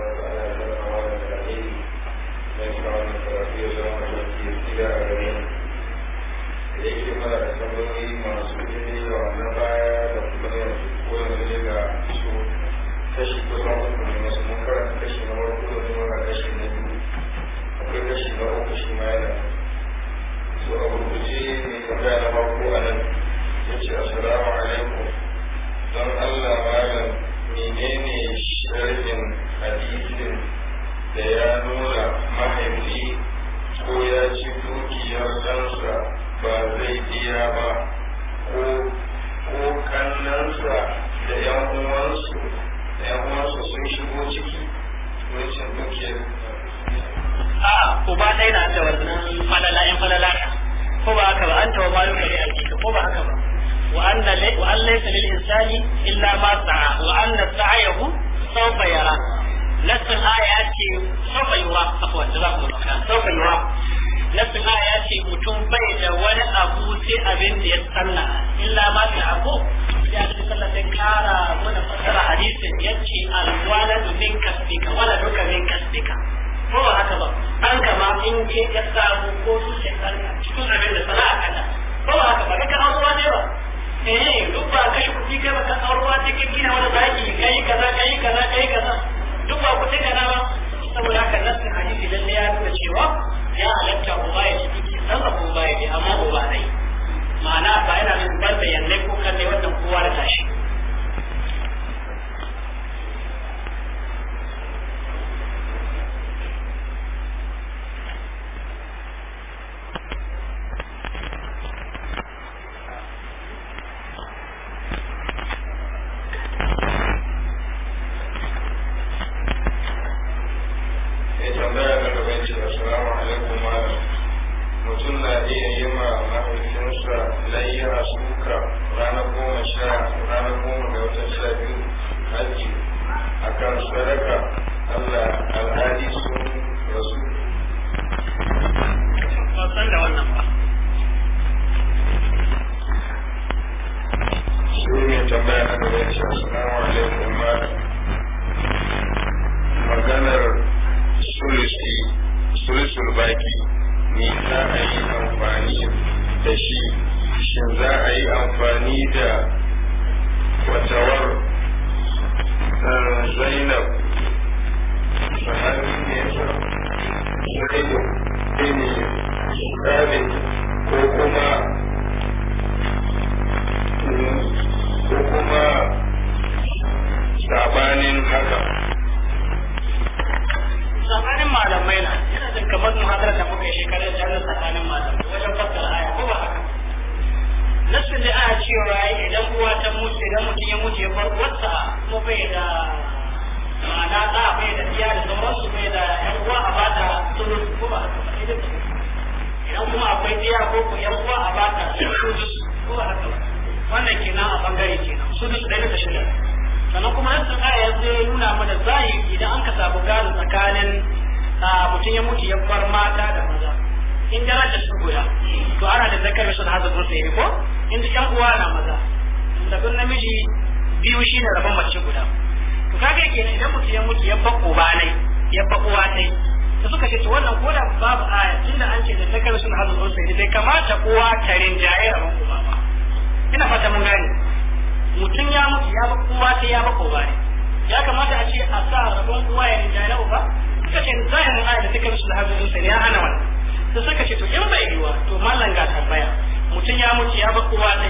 basira a da yake mana da tambayoyi masu ilimi da wannan da kuma ko kashi masu kashi na kashi na biyu akwai kashi na so a ya don allah malam menene sharhin hadisin da ya nuna ko ya ci dukiyar ɗansa ba zai biya ba ko kannansa da yan uwansu yan uwansu sun shigo ciki wajen dukiyar a ba ɗaya na da wannan falala yan falala ko ba haka ba an tawa malu kare a ko ba haka ba وأن وأن insani illa ma sa'a سعى وأن سعيه سوف يرى nassin aya ya ce sauka yura afwan da za ku mutum sauka yura nassin aya ya ce mutum bai da wani abu sai abin ya sanna illa ma ta abu ya ce sallah kara mana fasara hadisin ya ce alwaladu min kasbika wala duka min kasbika ko ba haka ba an kama in ke ya samu ko su ce cikin abin da sana'a kana ko ba haka ba ka kawo eh, duk ba kuɗi kai ba ka duk ba ku tuka na ba saboda haka nasu hadisi lalle ya nuna cewa ya halatta uba ya ci duki sallah ko ba ya bi amma uba dai ma'ana ba yana nufin da yanne ko kalle wannan kowa da tashi kenan sannan kuma nan aya ya zai nuna mana zai idan an ka samu gado tsakanin mutum ya mutu ya bar mata da maza in ta su guda to ana da zakar rashin da zuwa sai ko in duk yan uwa na maza kun namiji biyu shine rabon mace guda to kaga kenan idan mutum ya mutu ya bar uba ne ya bar uwa ne da suka ce to wannan ko da babu aya tunda an ce da zakar su da hazabun sai bai kamata uwa ta rinjaye rabon uba ba ina fata mun gane mutum ya mutu ya ba kowa ta ya ba kowa ne ya kamata a ce a sa rabon kowa ya rinja na uba suka ce zahirin ayar da suka kamshi da hajjojin sa ne ya hana wani su suka ce to in bai yiwa to mallan ga tambaya mutum ya mutu ya ba kowa ne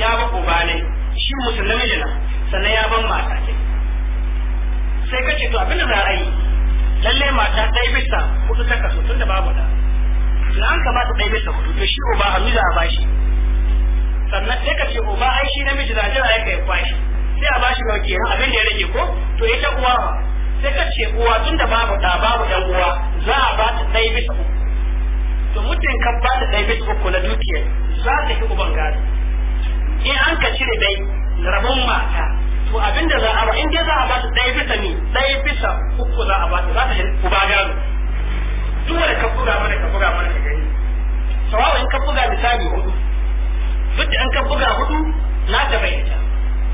ya ba kowa ne shi mutum namiji na sannan ya ban mata ce sai ka ce to abinda za a yi lalle mata ɗaya bisa hudu ta kaso tunda babu da na an kamata ɗaya bisa hudu to shi uba a za a bashi sannan sai ka ce uba ai shi namiji da jira ya kai kwashi sai a bashi dauke abin da ya rage ko to ita uwa sai ka ce uwa tunda babu da babu dan uwa za a ba ta ɗaya bisa uku to mutum kan ba ta ɗaya bisa uku na dukiyar za ta fi uban gado in an ka cire dai rabon mata to abin da za a ba in dai za a ba ta ɗaya bisa ni ɗaya bisa uku za a ba ta za ta yi uba gado duk wanda ka buga mana ka buga mana ka gani sawa in ka buga misali hudu duk da an ka buga hudu na ta bai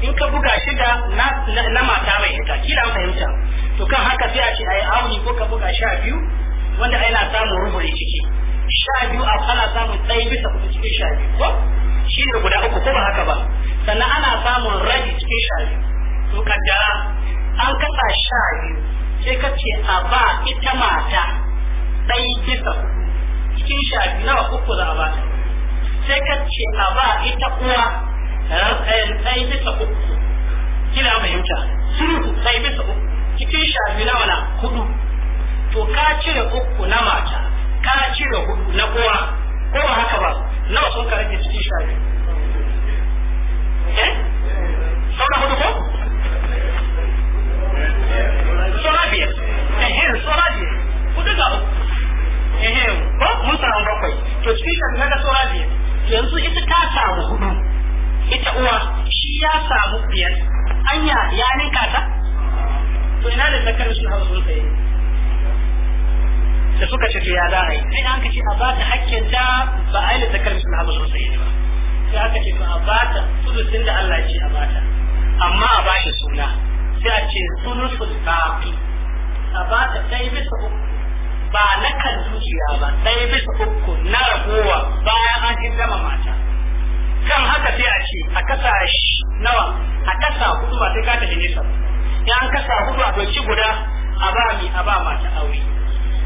in ka buga shida na mata bai ita kila an fahimta to kan haka sai a ce ai auni ko ka buga sha biyu wanda na samun ruburi ciki sha biyu a ana samun tsayi bisa kuma cikin sha biyu ko shi ne guda uku ko ba haka ba sannan ana samun rabi cikin sha biyu to kaddara an kasa sha biyu sai ka ce a ba ita mata ɗai bisa cikin sha biyu nawa uku za a ba sai ka ce a ba ita uwa tsaye bisa uku kina sun ku tsaye bisa uku cikin shafi na wala hudu to ka cire uku na mata ka cire hudu na uwa ko ba haka ba nawa sun ka rage cikin shafi eh sauran hudu ko sauran biyar eh sauran biyar hudu ga uku eh ko mun samu bakwai to cikin shafi na ga sauran biyar yanzu ita ta samu hudu ita uwa shi ya samu biyar anya ya ninka ta to ina da zakar su hawa sun kai da suka ce ya za a yi sai an kace a ba ta hakkin ta ba a yi da zakar su hawa sun sai ba sai aka ce ba a ba ta sulusin da Allah ce a ba ta amma a ba shi suna sai a ce sulusul baqi a ba ta kai bisa uku ba na kan zuciya ba ɗaya bisa uku na ragowa bayan an gama mata kan haka sai a ce a kasa nawa a kasa hudu ba sai ka tafi nesa ya an kasa hudu a doki guda a ba mi a ba mata aure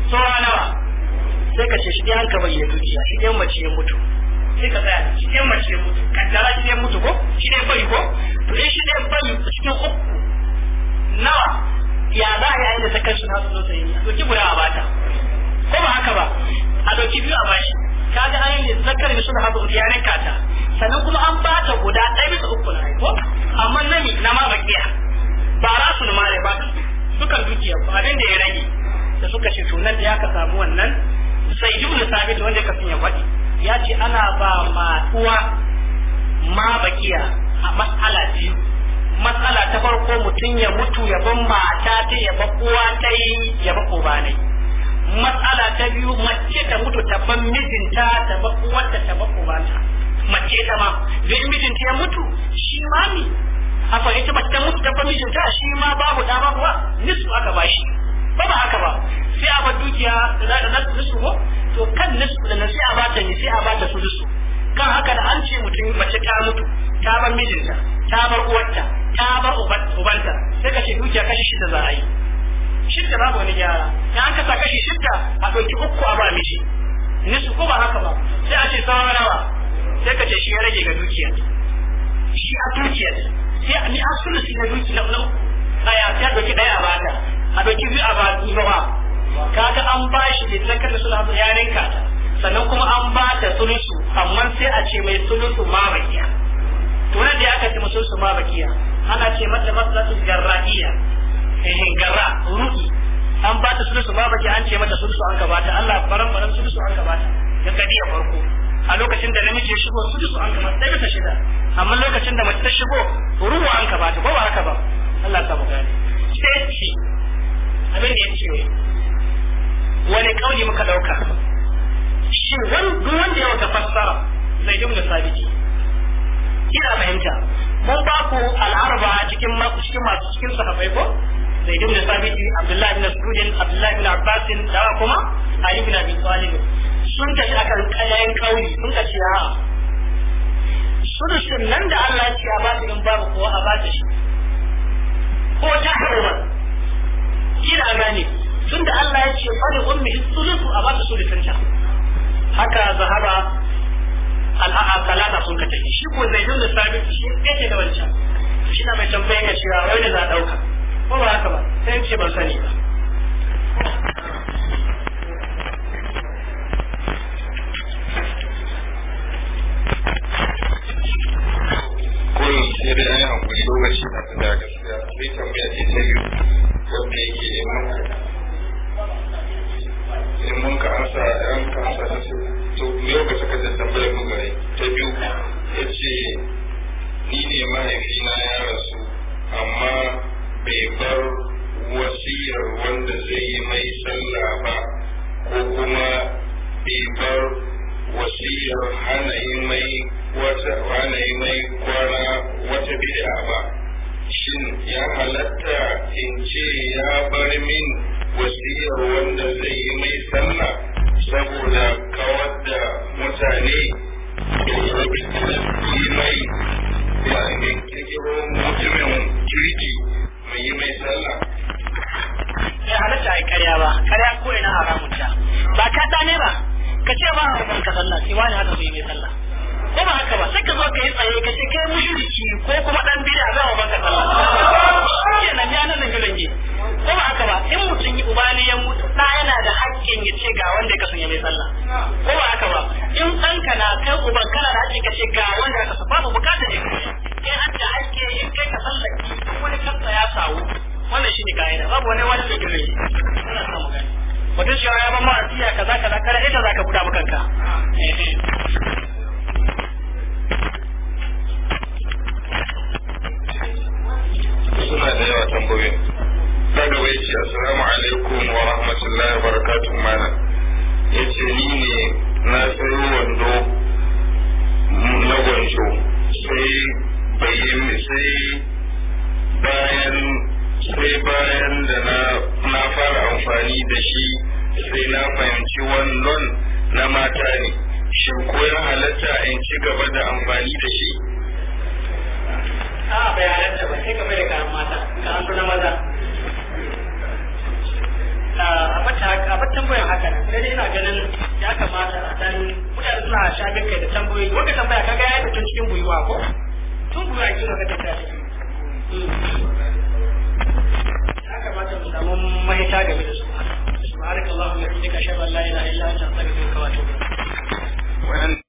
saura nawa sai ka ce shi ɗayan ka bai ya dukiya shi ɗayan mace ya mutu sai ka tsaya shi ɗayan mace ya mutu kaddara shi ɗayan mutu ko shi ɗayan bai ko to shi ɗayan bai cikin uku nawa ya za a yi aina ta kashin hasu zo A doki guda a bata ko ba haka ba a doki biyu a bashi Ka ga an yi zakar bi suna hasu ya ranka ta sannan kuma an bata guda ɗaya bisa uku na ko amma nami na ma bakiya ba rasu na mare ba dukan dukiya ba abin da ya rage da suka ce sunan da ya ka samu wannan sai ibnu sabit wanda ya kasu ya faɗi ya ce ana ba ma uwa ma bakiya a mas'ala biyu matsala ta farko mutum ya mutu ya ban mata ta ya ban uwa ta ya ban uba ne matsala ta biyu mace ta mutu ta ban mijinta ta ban uwarta ta ban uba ta mace ta ma don mijinta ya mutu shi ma ne a fahimci mace ta mutu ta ban mijinta shi ma babu da babu ba nisu aka ba shi ba ba haka ba sai a ba dukiya da nasu nisu ko to kan nisu da sai a ba ta ne sai a ba ta su nisu kan haka da an ce mutum mace ta mutu ta bar mijinta ta bar uwarta ta bar ubanta sai ka ce dukiya kashi shida za a yi shidda babu wani gyara ta an kasa kashi shidda a ɗauki uku a ba miji nisu ko ba haka ba sai a ce sauran rawa sai ka ce shi ya rage ga dukiya shi a dukiya sai ni a shi na dukiya na uku ɗaya a ɗauki ɗaya a bata a ɗauki biyu a ba kaga an bashi da zakar da sulhu ya ninka ta sannan kuma an ba ta sulusu amma sai a ce mai sulusu ma bakiya to wanda ya aka ce mai sulusu ma bakiya ana ce mata masalatu garra'iya eh garra ru'i an ba ta sulusu ma bakiya an ce mata sulusu an gabata Allah baran baran sulusu an gabata kadi kadiya farko a lokacin da namiji ya shigo sulusu an gabata sai ta shida amma lokacin da mace ta shigo ruwa an gabata ba haka ba Allah ta gane sai ci abin da ya ce wani kauli muka dauka Shin shi wanda wanda ya wata fassara zai jumla sabiti kina fahimta mun ba ku al'arba cikin maku cikin masu cikin sahabbai ko zai da sabiti abdullahi ibn sudin abdullahi ibn abbas da kuma ali ibn abi talib sun tafi akan kayan kauri sun tafi a'a sudushin nan da Allah ya ce a ba in babu kowa a ba shi ko ta haruma kina gane tunda Allah ya ce fadi ummi hisulisu a ba ta sulisan ta haka zahaba al'a'a talata sun kace shi ko zai dinda sabit shi yake da wancan shi na mai tambaye ka cewa wai da za a dauka ko ba haka ba sai ce ban sani ba koyi sai dai an yi hankali lokaci na tsada gaskiya sai tambaya ce ta yi wanda yake neman in mun ka ansa an ka ansa ta ce to yau ka saka da tambayar mu gare ta biyu ya ce ni ne mahaifina ya rasu amma bai bar wasiyar wanda zai yi mai sallah ba ko kuma bai bar wasiyar hana yi mai wata hana yi mai kwana wata bid'a ba shin ya halatta in ce ya bar min wasiyar wanda zai yi mai sallah saboda kawar da mutane da yi mai ya ne kirkiro mutumin kirki mai yi mai sallah ya halatta a karya ba karya ko ina haramun ta ba ka dane ba ka ce ba a ka sallah sai wani haka mai sallah ko ba haka ba sai ka zo ka yi tsaye ka ce kai mushriki ko kuma dan bid'a ba wa banka sallah kenan ya nan lange ko ba haka ba in mutum yi uba ne ya mutu da yana da haƙƙin ya ce ga wanda ya kasance mai sallah ko ba haka ba in ɗanka na kai uban kana da haƙƙin ka ce ga wanda ya kasance babu bukatar ya kasance kai an da haƙƙi in kai ka sallaki wani kansa ya sawu wannan shi ne ka'ida babu wani wani da gire Ina samu gani mutum shi ya ba ma asiya kaza kaza kana ita ka buɗa maka kanka eh, eh. suna da yawa tambayoyin na gaba yace assalamu alaikum wa rahmatullahi wa barakatuh mana yace ni ne na sayo wando na gwanjo sai bayan sai bayan sai bayan da na fara amfani da shi sai na fahimci wannan na mata ne shin ko ya halatta in ci gaba da amfani da shi a bai da ba sai kamar da kayan mata ka an na maza a bata tambayar haka nan sai dai ina ganin ya kamata a dan mutane suna shafin kai da tambayoyi wanda tambaya kaga ya yi cikin gwiwa ko tun gwiwa ki ga ta tashi hmm. ya kamata mu samu mahita game da su subhanakallahumma wa bihamdika ashhadu an la ilaha illa anta astaghfiruka wa atubu ilaik